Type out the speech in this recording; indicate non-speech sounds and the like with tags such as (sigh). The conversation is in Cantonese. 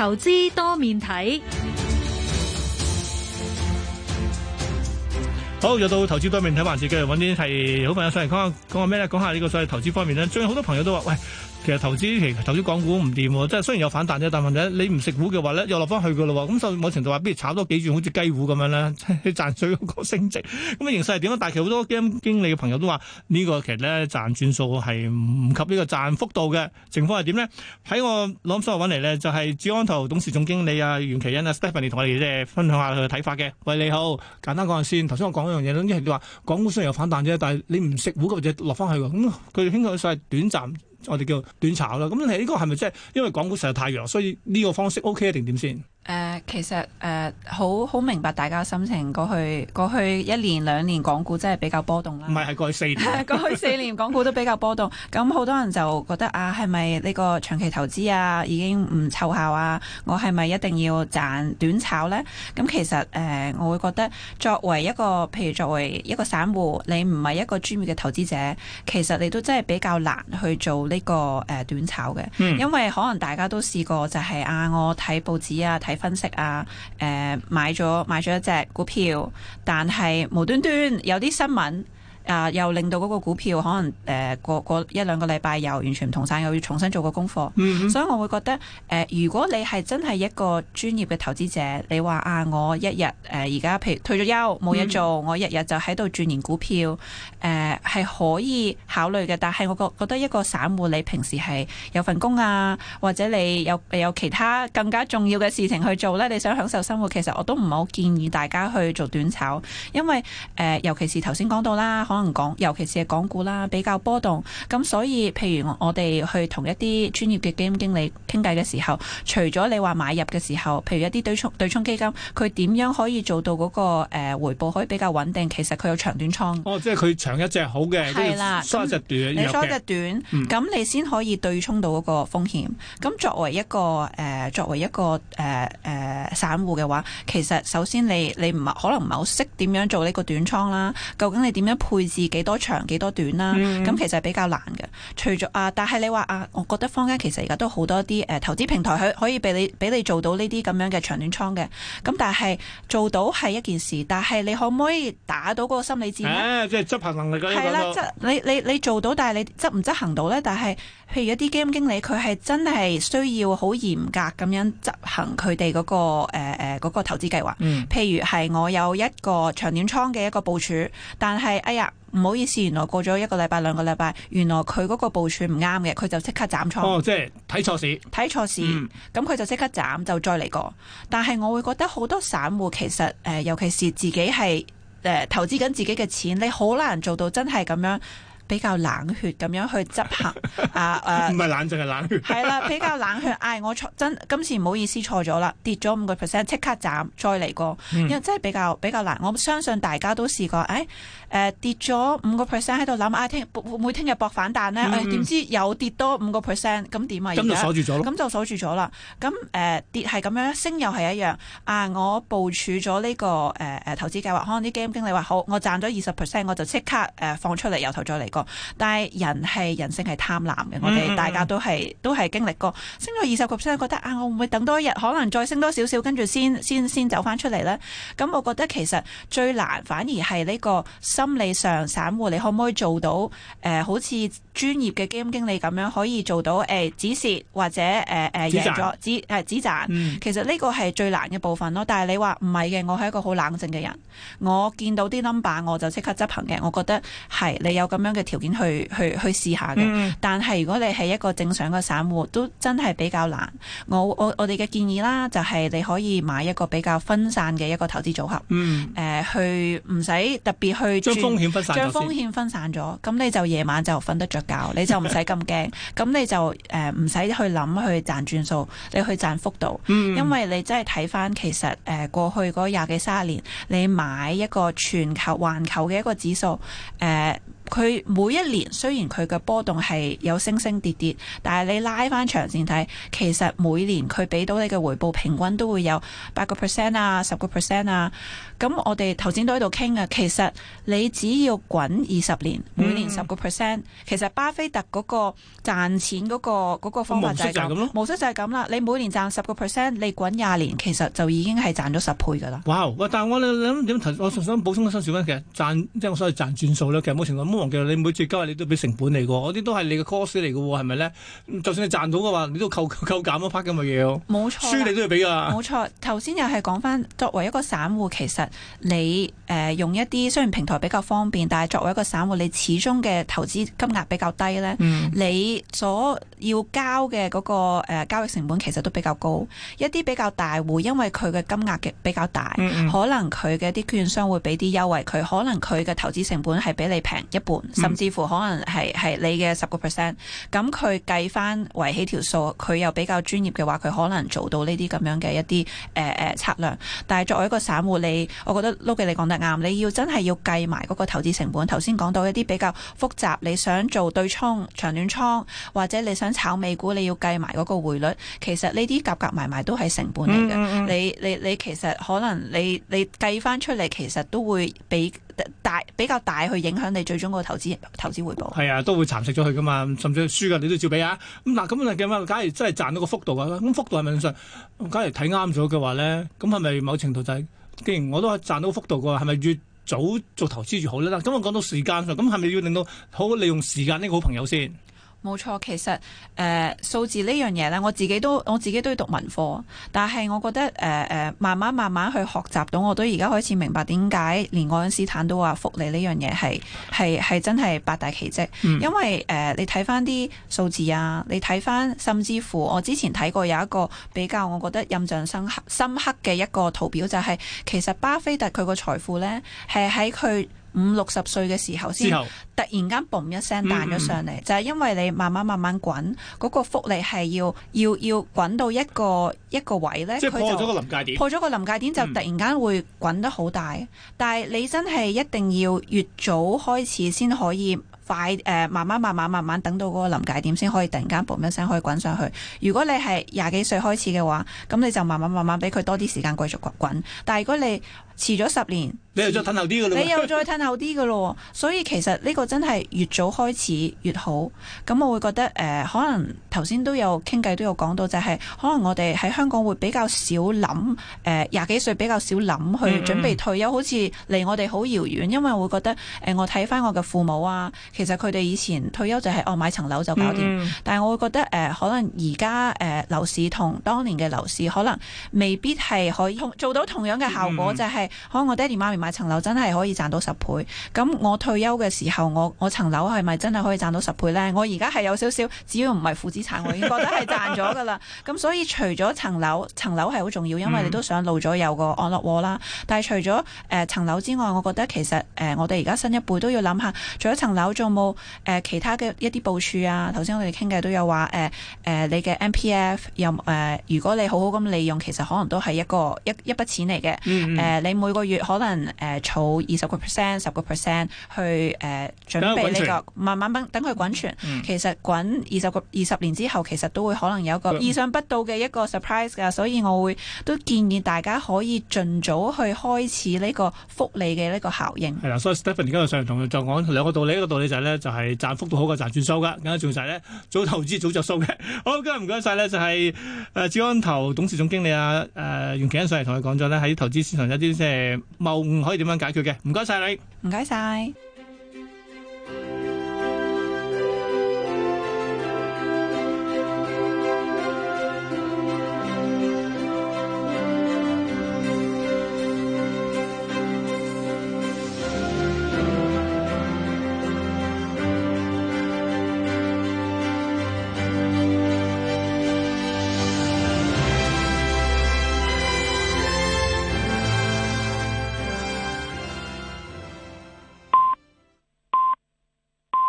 投資多面睇，好，又到投資多面睇環節，繼續揾啲係好朋友上嚟講下講下咩咧？講下呢個所謂投資方面咧，最近好多朋友都話喂。其實投資其實投資港股唔掂，即係雖然有反彈啫，但係問題你唔食糊嘅話咧，又落翻去噶喎。咁所以某程度話，不如炒多幾轉，好似雞糊咁樣你去賺取個升值。咁啊，形勢係點咧？但係其實好多基金經理嘅朋友都話呢、呢個其實咧賺轉數係唔及呢個賺幅度嘅。情況係點呢？喺我攞所多嚟呢，就係志安投董事總經理啊袁其恩啊 Stephen 同我哋即係分享下佢嘅睇法嘅。喂，你好，簡單講下先。頭先我講一樣嘢，總之你話港股雖然有反彈啫，但係你唔食糊嘅話就落翻去咁佢傾向晒短暫。我哋叫短炒啦，咁呢個係咪即係因為港股實在太弱，所以呢個方式 OK 一定點先？誒，uh, 其實誒，好、uh, 好明白大家心情。過去過去一年兩年港股真係比較波動啦。唔係，係過去四年， (laughs) 過去四年港股都比較波動。咁好 (laughs) 多人就覺得啊，係咪呢個長期投資啊，已經唔湊效啊？我係咪一定要賺短炒呢？咁其實誒、啊，我會覺得作為一個，譬如作為一個散戶，你唔係一個專業嘅投資者，其實你都真係比較難去做呢個誒短炒嘅。嗯、因為可能大家都試過、就是，就係啊，我睇報紙啊，睇。分析啊，誒、呃，買咗買咗一隻股票，但係無端端有啲新聞。啊！又令到嗰個股票可能誒、啊、過過一兩個禮拜又完全唔同晒，又要重新做個功課。Mm hmm. 所以我會覺得誒、呃，如果你係真係一個專業嘅投資者，你話啊，我一日誒而家譬如退咗休冇嘢做，mm hmm. 我一日就喺度轉年股票誒，係、呃、可以考慮嘅。但係我覺得一個散戶，你平時係有份工啊，或者你有有其他更加重要嘅事情去做咧，你想享受生活，其實我都唔好建議大家去做短炒，因為誒、呃，尤其是頭先講到啦。可能講，尤其是係港股啦，比較波動。咁所以，譬如我哋去同一啲專業嘅基金經理傾偈嘅時候，除咗你話買入嘅時候，譬如一啲對沖對沖基金，佢點樣可以做到嗰個、呃、回報可以比較穩定？其實佢有長短倉。哦，即係佢長一隻好嘅，沽的一,一隻短，嗯、你沽隻短，咁你先可以對沖到嗰個風險。咁作為一個誒、呃，作為一個誒誒、呃呃、散戶嘅話，其實首先你你唔係可能唔係好識點樣做呢個短倉啦。究竟你點樣配？配置幾多長幾多短啦？咁其實比較難嘅。除咗啊，但係你話啊，我覺得坊間其實而家都好多啲誒、啊、投資平台，佢可以俾你俾你做到呢啲咁樣嘅長短倉嘅。咁但係做到係一件事，但係你可唔可以打到嗰個心理戰咧、啊？即係執行能力嗰啲嗰度，即係、啊、你你你做到，但係你執唔執行到咧？但係譬如一啲基金經理，佢係真係需要好嚴格咁樣執行佢哋嗰個誒誒嗰個投資計劃，嗯、譬如係我有一個長短倉嘅一個部署，但係哎呀～唔好意思，原來過咗一個禮拜兩個禮拜，原來佢嗰個部署唔啱嘅，佢就即刻斬倉哦，即係睇錯市，睇錯市，咁佢、嗯、就即刻斬，就再嚟過。但係我會覺得好多散戶其實，誒、呃，尤其是自己係誒、呃、投資緊自己嘅錢，你好難做到真係咁樣。比較冷血咁樣去執行 (laughs) 啊！誒、呃，唔係冷靜係冷血。係 (laughs) 啦，比較冷血。誒、哎，我錯真今次，唔好意思錯咗啦，跌咗五個 percent，即刻斬，再嚟過。嗯、因為真係比較比較難。我相信大家都試過，誒、哎、誒、呃、跌咗五個 percent 喺度諗，啊會唔會聽日搏反彈咧，點、嗯哎、知又跌多五個 percent，咁點啊？咁就鎖住咗咯。咁就鎖住咗啦。咁、呃、誒跌係咁樣，升又係一樣。啊，我部署咗呢、這個誒誒、呃、投資計劃，可能啲經理話好，我賺咗二十 percent，我就即刻誒、呃、放出嚟，由頭再嚟過。但係人係人性係貪婪嘅，mm hmm. 我哋大家都係都係經歷過升咗二十級，先覺得啊，我會唔會等多一日，可能再升多少少，跟住先先先走翻出嚟呢？咁我覺得其實最難反而係呢個心理上散戶，散戶，你可唔可以做到誒、呃？好似專業嘅基金經理咁樣可以做到誒、哎、止蝕或者誒誒贏咗止誒止賺，其實呢個係最難嘅部分咯。但係你話唔係嘅，我係一個好冷靜嘅人，我見到啲 number 我就即刻執行嘅。我覺得係你有咁樣嘅條件去去去，去試下嘅。嗯、但係如果你係一個正常嘅散戶，都真係比較難。我我我哋嘅建議啦，就係、係、你可以買一個比較分散嘅一個投資組合，誒、嗯呃、去唔使特別去將風，將風險分散，將風險分散咗，咁你就夜晚就瞓得着。 (laughs) 你就唔使咁驚，咁你就誒唔使去諗去賺轉數，你去賺幅度，因為你真係睇返其實誒過去嗰廿幾三十年，你買一個全球環球嘅一個指數誒。呃佢每一年，雖然佢嘅波動係有升升跌跌，但係你拉翻長線睇，其實每年佢俾到你嘅回報平均都會有八個 percent 啊，十個 percent 啊。咁我哋頭先都喺度傾啊，其實你只要滾二十年，每年十個 percent，其實巴菲特嗰個賺錢嗰個嗰個方法就係咁，模式就係咁啦。你每年賺十個 percent，你滾廿年，其實就已經係賺咗十倍噶啦。哇！但係我哋諗點我想補充翻少少。其實賺即係我所謂賺轉數咧，其實冇情況。你每次交易你都俾成本嚟嘅，嗰啲都係你嘅 cost 嚟嘅，係咪咧？就算你賺到嘅話，你都扣扣減一 part 咁嘅嘢。冇錯、啊，輸你都要俾噶。冇錯，頭先又係講翻，作為一個散戶，其實你誒、呃、用一啲雖然平台比較方便，但係作為一個散戶，你始終嘅投資金額比較低咧，嗯、你所。要交嘅嗰個誒交易成本其實都比較高，一啲比較大戶，因為佢嘅金額嘅比較大，嗯嗯可能佢嘅啲券商會俾啲優惠佢，可能佢嘅投資成本係比你平一半，甚至乎可能係係你嘅十個 percent，咁佢計翻圍起條數，佢又比較專業嘅話，佢可能做到呢啲咁樣嘅一啲誒誒策略。但係作為一個散戶，你我覺得 Look 嘅你講得啱，你要真係要計埋嗰個投資成本。頭先講到一啲比較複雜，你想做對沖長短倉或者你想。炒美股你要計埋嗰個匯率，其實呢啲夾夾埋埋都係成本嚟嘅、嗯嗯。你你你其實可能你你計翻出嚟，其實都會比大比較大去影響你最終個投資投資回報。係啊，都會蠶食咗佢噶嘛，甚至係輸噶，你都照俾啊。咁、嗯、嗱，咁啊嘅假如真係賺到個幅度啊，咁、那個、幅度係咪正常？假如睇啱咗嘅話咧，咁係咪某程度就係、是？既然我都賺到個幅度嘅話，係咪越早做投資越好呢？咁我講到時間上，咁係咪要令到好好利用時間呢個好朋友先？冇錯，其實誒、呃、數字呢樣嘢呢，我自己都我自己都要讀文科。但係我覺得誒、呃、慢慢慢慢去學習到，我都而家開始明白點解連愛因斯坦都話複利呢樣嘢係係係真係八大奇蹟，嗯、因為誒、呃、你睇返啲數字啊，你睇返甚至乎我之前睇過有一個比較，我覺得印象深刻深刻嘅一個圖表就係、是、其實巴菲特佢個財富呢，係喺佢，五六十歲嘅時候先，突然間嘣一聲彈咗上嚟，嗯嗯、就係因為你慢慢慢慢滾，嗰、那個複利係要要要滾到一個一個位呢，即係破咗個臨界點，破咗個臨界點、嗯、就突然間會滾得好大。但係你真係一定要越早開始先可以快誒、呃，慢慢慢慢慢慢等到嗰個臨界點先可以突然間嘣一聲可以滾上去。如果你係廿幾歲開始嘅話，咁你就慢慢慢慢俾佢多啲時間繼續滾滾。但係如果你遲咗十年，你又再褪後啲嘅咯，你又再褪後啲嘅咯，所以其實呢個真係越早開始越好。咁我會覺得誒、呃，可能頭先都有傾偈都有講到、就係，就係可能我哋喺香港會比較少諗誒，廿、呃、幾歲比較少諗去準備退休，嗯嗯好似離我哋好遙遠。因為我會覺得誒、呃，我睇翻我嘅父母啊，其實佢哋以前退休就係、係、哦買層樓就搞掂。嗯、但係我會覺得誒、呃，可能而家誒樓市同當年嘅樓市可能未必係可以做到同樣嘅效果，嗯、就係、係。可能我爹哋媽咪買層樓真係可以賺到十倍，咁我退休嘅時候，我我層樓係咪真係可以賺到十倍呢？我而家係有少少，只要唔係負資產，我已經覺得係賺咗㗎喇。咁 (laughs) 所以除咗層樓，層樓係好重要，因為你都想老咗有個安樂窩啦。但係除咗誒、呃、層樓之外，我覺得其實誒、呃、我哋而家新一輩都要諗下，除咗層樓仲有冇、呃、其他嘅一啲部署啊？頭先我哋傾偈都有話誒、呃呃、你嘅 MPF 有、呃呃、如果你好好咁利用，其實可能都係一個一一筆錢嚟嘅你。呃 mm hmm. 每個月可能誒、呃、儲二十個 percent、十個 percent 去誒、呃、準備呢、這個慢慢等佢滾存，嗯、其實滾二十個二十年之後，其實都會可能有一個意想不到嘅一個 surprise 㗎。所以我會都建議大家可以盡早去開始呢個福利嘅呢個效應。係啦，所以 Stephen 今日上嚟同就講兩個道理，一個道理就係咧就係、是、賺幅度好過賺轉數㗎，另一做晒係咧早投資早著數嘅。 (laughs) 好，今日唔該晒咧，就係、是、誒、呃、安投董事總經理啊，誒、呃、袁、嗯、其欣上嚟同佢講咗咧喺投資市場一啲誒，矛盾可以點樣解決嘅？唔該晒你，唔該晒。